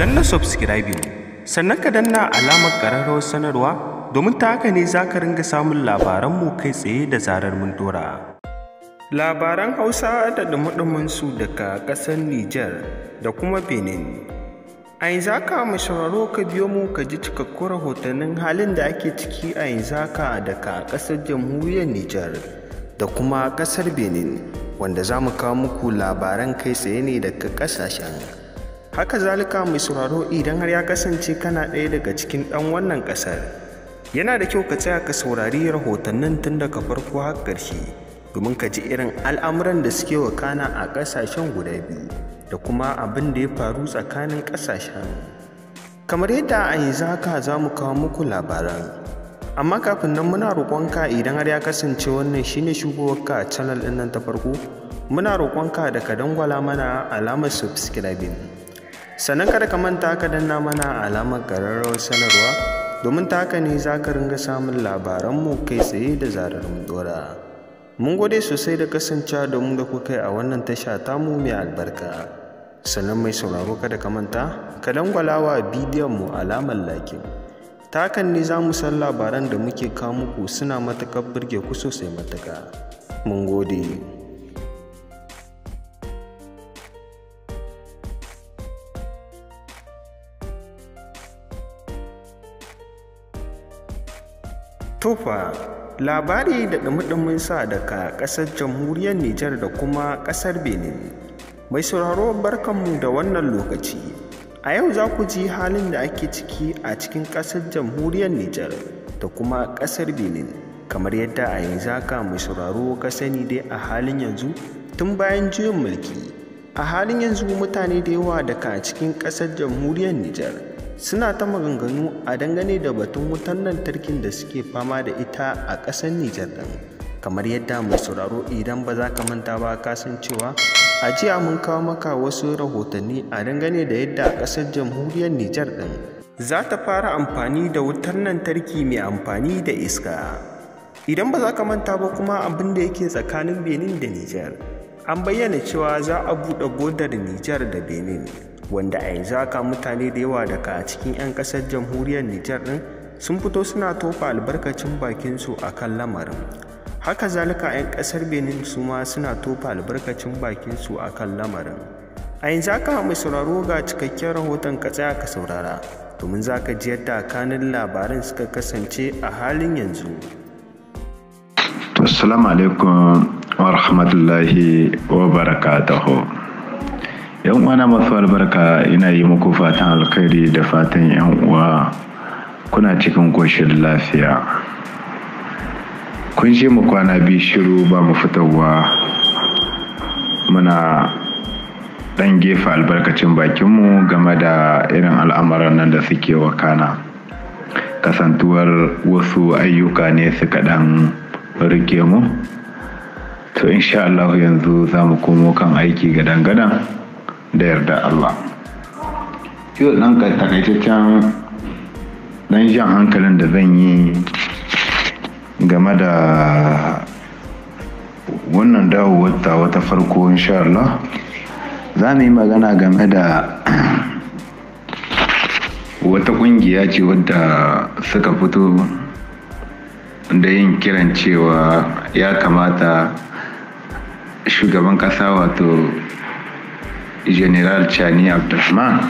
danna subscribing sannan ka danna alamar ƙararrawar sanarwa domin ta haka ne za ka ringa samun labaranmu kai tsaye da zarar mun dora. Labaran Hausa da dumudumin su daga ƙasar Nijar da kuma Benin. A yanzu haka mu ka biyo mu ka ji cikakkun rahotannin halin da ake ciki a yanzu haka daga ƙasar jamhuriyar Nijar da kuma ƙasar Benin wanda za mu kawo muku labaran kai tsaye ne daga ƙasashen. haka zalika mai sauraro idan har ya kasance kana ɗaya daga cikin ɗan wannan ƙasar yana da kyau ka tsaya ka saurari rahotannin tun daga farko har ƙarshe domin ka ji irin al'amuran da suke wakana a ƙasashen guda biyu da kuma abin da ya faru tsakanin ƙasashen kamar yadda a yanzu haka za mu kawo muku labaran amma kafin nan muna roƙonka idan har ya kasance wannan shine shugowarka a channel ɗin nan ta farko muna roƙonka da ka dangwala mana alamar subscribing sannan kada ka manta ka danna mana alamar ƙararrawar sanarwa domin ta haka ne za ka ringa samun labaranmu kai tsaye da zarar mu dora mun gode sosai da kasancewa da mu da ku kai a wannan tasha tamu mai albarka sannan mai sauraro kada ka manta ka dangwala wa bidiyon mu alamar lakin ta ne za mu san labaran da muke kawo muku suna matuƙar burge ku sosai matuƙa mun gode Tofa labari da ɗumi sa daga ƙasar jamhuriyar Nijar da kuma ƙasar Benin. Mai sauraro barkanmu da wannan lokaci. A yau za ku ji halin da ake ciki a cikin ƙasar jamhuriyar Nijar da kuma ƙasar Benin. Kamar yadda a yanzu haka mai sauraro ka sani dai a halin yanzu tun bayan juyin mulki. A halin yanzu mutane da yawa daga cikin ƙasar jamhuriyar Nijar suna ta maganganu a dangane da batun wutan lantarkin da suke fama da ita a ƙasar nijar ɗin kamar yadda mai sauraro idan ba za ka manta ba kasancewa a jiya mun kawo maka wasu rahotanni a dangane da yadda ƙasar jamhuriyar nijar ɗin za ta fara amfani da wutar lantarki mai amfani da iska idan ba za ka manta ba kuma abin da yake tsakanin benin da nijar an bayyana cewa za a buɗe bodar nijar da benin wanda a yanzu haka mutane da yawa daga cikin 'yan ƙasar jamhuriyar nijar ɗin sun fito suna tofa albarkacin bakinsu a kan lamarin haka zalika 'yan ƙasar benin su ma suna tofa albarkacin bakinsu a kan lamarin a yanzu haka mai sauraro ga cikakken rahoton ka tsaya ka saurara domin za ka ji yadda kanin labaran suka kasance a halin yanzu assalamu alaikum wa rahmatullahi wa barakatuhu yan uwana masu albarka ina yi muku fatan alkhairi da fatan yan uwa kuna cikin koshin lafiya kun ce mu kwana biyu shiru ba mu fitowa muna ɗan gefe albarkacin bakinmu game da irin al'amuran nan da suke wakana kasantuwar wasu ayyuka ne suka dan rike mu to insha Allah yanzu za mu komo kan aiki gadan-gadan da yarda Allah yau ɗan takaitaccen ɗan jan hankalin da zan yi game da wannan dawowar ta wata farko insha Allah za mu yi magana game da wata ƙungiya ce wadda suka fito da yin kiran cewa ya kamata shugaban ƙasa wato general chani abdulrahman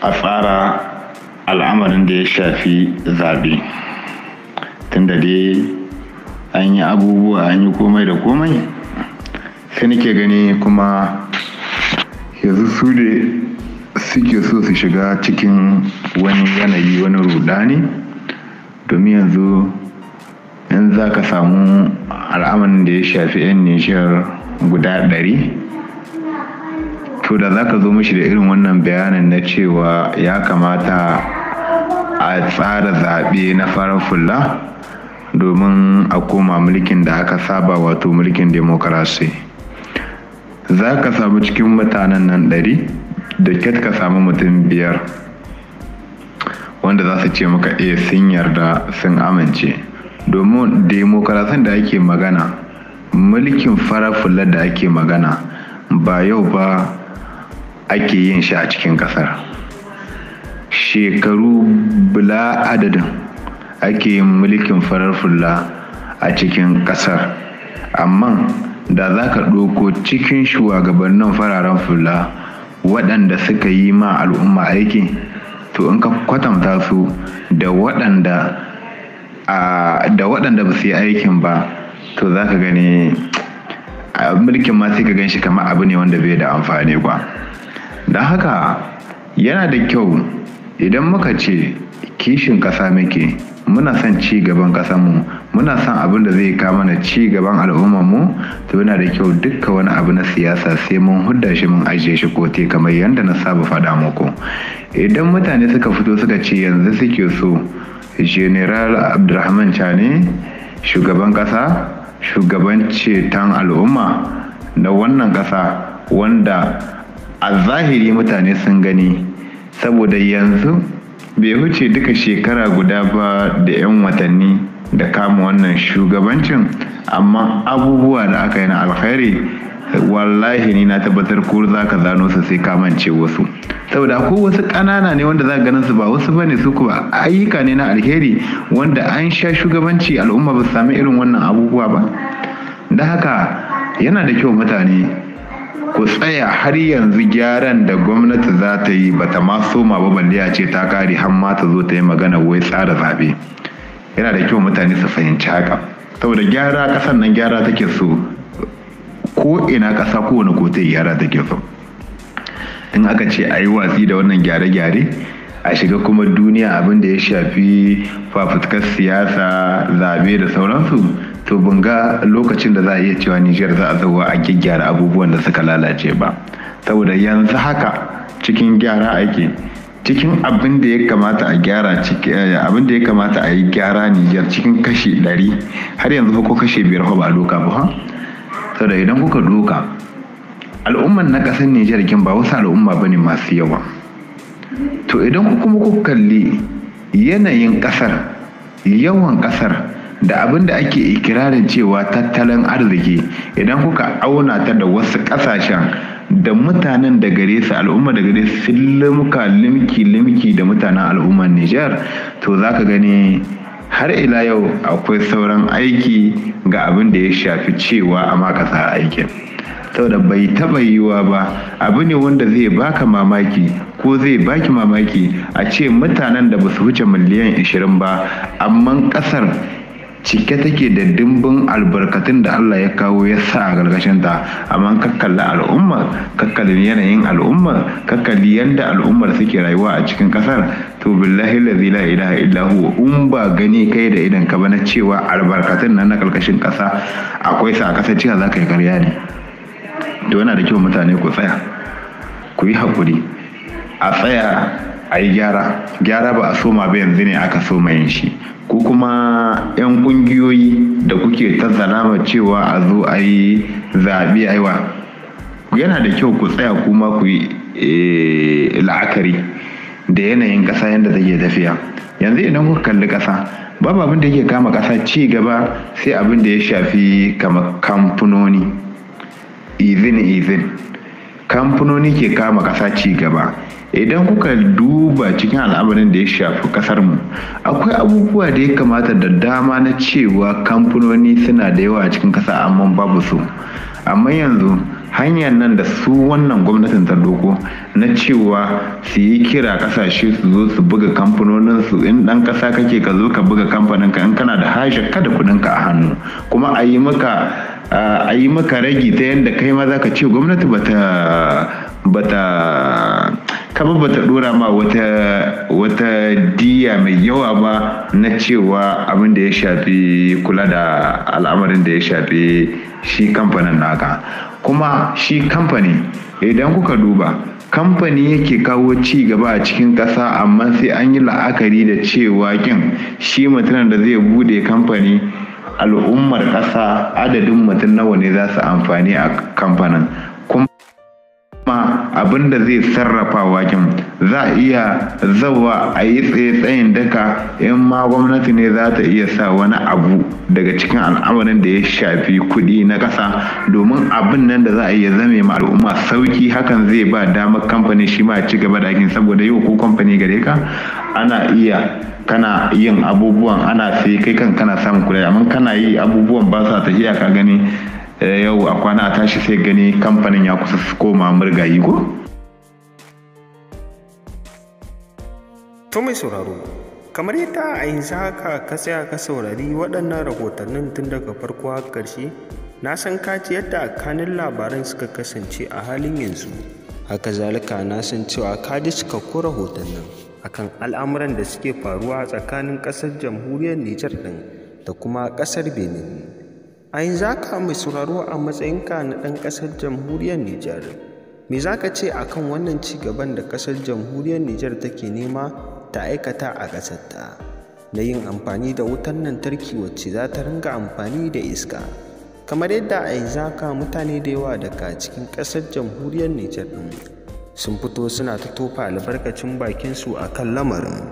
a tsara al'amarin da ya shafi zaɓe tunda dai an yi abubuwa an yi komai da komai sai nake gani kuma yanzu su ne suke so su shiga cikin wani yanayi wani rudani domin yanzu in za ka samu al'amarin da ya shafi 'yan nishiyar guda ɗari to da za ka zo mishi da irin wannan bayanin na cewa ya kamata a tsara zaɓe na farar fulla domin a koma mulkin da aka saba wato mulkin demokarasi za ka samu cikin mutanen nan ɗari da ket ka samu mutum biyar wanda za su ce maka iya eh, sun yarda sun amince domin demokarasin da ake magana mulkin farar fulla da ake magana ba yau ba ake yin shi a cikin ƙasar shekaru bila adadin ake yin mulkin farar fulla a cikin ƙasar amma da za ka ɗauko cikin shugabannin fararen fulla waɗanda suka yi ma al'umma aiki to in ka kwatanta su da waɗanda da waɗanda ba su yi aikin ba to za ka gani mulkin ma sai ka gan shi kamar abu ne wanda bai da amfani ba don haka yana da kyau idan muka ce kishin ƙasa muke muna son ci gaban ƙasanmu muna son abin da zai kama na ci gaban mu to yana da kyau dukkan wani abu na siyasa sai mun hudda shi mun ajiye shi kote kamar yadda na saba faɗa muku idan mutane suka fito suka ce yanzu suke so general abdulrahman chane shugaban ƙasa shugaban ceton al'umma na wannan ƙasa wanda a zahiri mutane sun gani saboda yanzu bai wuce duka shekara guda ba da 'yan watanni da kama wannan shugabancin amma abubuwa da aka yi na alkhairi wallahi ni na tabbatar ko za ka zano su sai kamance wasu saboda ko wasu ƙanana ne wanda za ka ganin su ba wasu ba ne su kuma ayyuka ne na alheri wanda an sha shugabanci al'umma ba su sami irin wannan abubuwa ba da haka yana da kyau mutane ku tsaya har yanzu gyaran da gwamnati za ta yi ba ta maso ma ba balle ce ta kare har ma ta zo ta yi magana wai tsara zaɓe yana da kyau mutane su fahimci haka saboda gyara ƙasar nan gyara take so ko ina ƙasa kowane kotai gyara take so in aka ce a yi watsi da wannan gyare-gyare a shiga kuma duniya abin da ya shafi fafutukar siyasa zaɓe da sauransu to ban ga lokacin da za a iya cewa nijar za a zauwa a gyaggyara abubuwan da suka lalace ba saboda yanzu haka cikin gyara ake cikin abin da ya kamata a gyara eh, abin da ya kamata a yi gyara nijar cikin kashi ɗari har yanzu ko kashe biyar ba a doka ba saboda idan kuka doka al'ummar na ƙasar nijar kin ba wasu al'umma bane masu yawa to idan kuma ku kalli yanayin ƙasar yawan ƙasar da abin da ake ikirarin cewa tattalin arziki idan kuka auna ta da wasu ƙasashen da mutanen da gare su al'umma da gare su limka limki limki da mutanen al'ummar Nijar to za ka gani har ila yau akwai sauran aiki ga abin da ya shafi cewa a makasa aikin. saboda bai taba yiwuwa ba abu ne wanda zai baka mamaki ko zai baki mamaki a ce mutanen da ba su wuce miliyan 20 ba amma kasar cike take da dimbin albarkatun da Allah ya kawo ya sa a ta amma kakkalli al'ummar kakkalli yanayin al'ummar kakkalli yadda al'ummar suke rayuwa a cikin kasar to billahi lazi la ilaha illa in ba gani kai da idan ka bana cewa albarkatun nan na karkashin kasa akwai sa a kasar cewa za ka yi karya ne to yana da kyau mutane ku tsaya ku yi haƙuri a tsaya a yi gyara gyara ba a soma ba yanzu ne aka soma yin shi ko kuma 'yan ƙungiyoyi da kuke ta cewa a zo a yi zaɓe aiwa yana da kyau ku tsaya kuma ku yi eh, la'akari da yanayin ƙasa yadda take tafiya yanzu idan kuka kalli ƙasa babu abin da yake kama ƙasa ci gaba sai abin da ya shafi kama izin izin kamfanoni ke kama ƙasa ci gaba idan kuka duba cikin al'amarin da ya shafi kasar mu akwai abubuwa da ya kamata da dama na cewa kamfanoni suna da yawa cikin ƙasa amma babu su amma yanzu hanyar nan da su wannan gwamnatin ta doko na cewa su yi kira kasashe su zo su buga kamfanonin su in dan kasa kake ka zo ka buga kamfanin ka in kana da haja kada kudin ka a hannu kuma a yi maka a yi maka ragi ta yadda kai ma za ka ce gwamnati bata bata kama bata dora ma wata wata diya mai yawa ba na cewa abin da ya shafi kula da al'amarin da ya shafi shi kamfanin naka kuma shi kamfani idan kuka duba kamfani yake kawo ci gaba a cikin ƙasa amma sai an yi la'akari da cewa kin shi mutumin da zai bude kamfani al'ummar ƙasa adadin mutum nawa ne za su amfani a kamfanin abin da zai sarrafa waken za a iya zawa a yi tsaye-tsayin daka in ma gwamnati ne za ta iya sa wani abu daga cikin al'amarin da ya shafi kuɗi na ƙasa domin abin nan da za a iya zame ma al'umma sauki hakan zai ba damar kamfani shi ma ci gaba da aikin saboda yau ko kamfani gare ka ana iya kana yin abubuwan ana sai kai kan kana samun kuɗi amma kana yi abubuwan ba sa tafiya ka gani Eh, yau a kwana a tashi sai gani kamfanin ya kusa su koma murgayi ko? To mai sauraro, kamar yadda a sa haka ka tsaya ka saurari waɗannan rahotannin tun daga farko har ƙarshe, na san kaci yadda kanin labaran suka kasance a halin yanzu. Haka zalika na san cewa ka ji cikakkun rahotannin akan al'amuran da suke faruwa tsakanin ƙasar jamhuriyar Nijar ɗin da kuma ƙasar Benin. a yanzu haka mai sauraro a matsayinka na ɗan ƙasar jamhuriyar Nijar. Me za ka ce akan wannan ci gaban da ƙasar jamhuriyar Nijar take nema ta aikata a ƙasarta na yin amfani da wutar lantarki wacce za ta ringa amfani da iska. Kamar yadda a yanzu haka mutane da yawa daga cikin ƙasar jamhuriyar Nijar ɗin sun fito suna ta tofa albarkacin bakinsu a kan lamarin.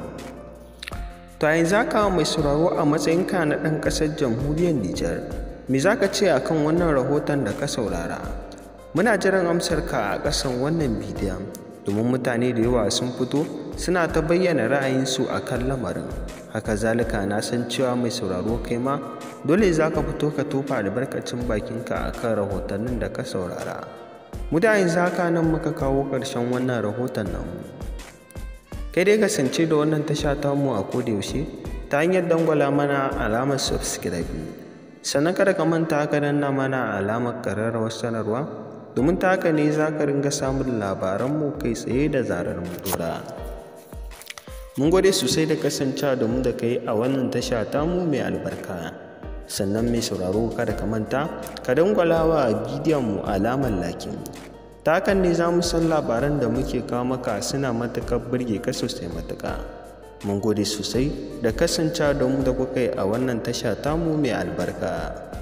To a yanzu haka mai sauraro a matsayinka na ɗan ƙasar jamhuriyar Nijar. Me za ka ce akan wannan rahoton da ka saurara? Muna jiran amsar ka a ƙasan wannan bidiyon domin mutane da yawa sun fito suna ta bayyana ra'ayinsu a kan lamarin. Haka zalika na san cewa mai sauraro kai ma dole za ka fito ka tofa albarkacin bakinka a kan rahotannin da ka saurara. Mutane za ka nan muka kawo ƙarshen wannan rahoton namu. Kai dai kasance da wannan tasha ta mu a koda yaushe, ta hanyar dangwala mana alamar subscribe. sannan kada ka manta haka danna mana alamar ƙararrawar sanarwa domin ta haka ne za ka ringa samun labaranmu kai tsaye da zarar mu mun gode sosai da kasancewa da mu da kai a wannan tasha tamu mai albarka sannan mai sauraro kada ka manta ka dangwalawa a bidiyon mu alamar lakin ta hakan ne za mu san labaran da muke kawo maka suna matuƙar birge ka sosai matuƙa mun gode sosai da kasancewa da mu da kuka yi a wannan tasha tamu mai albarka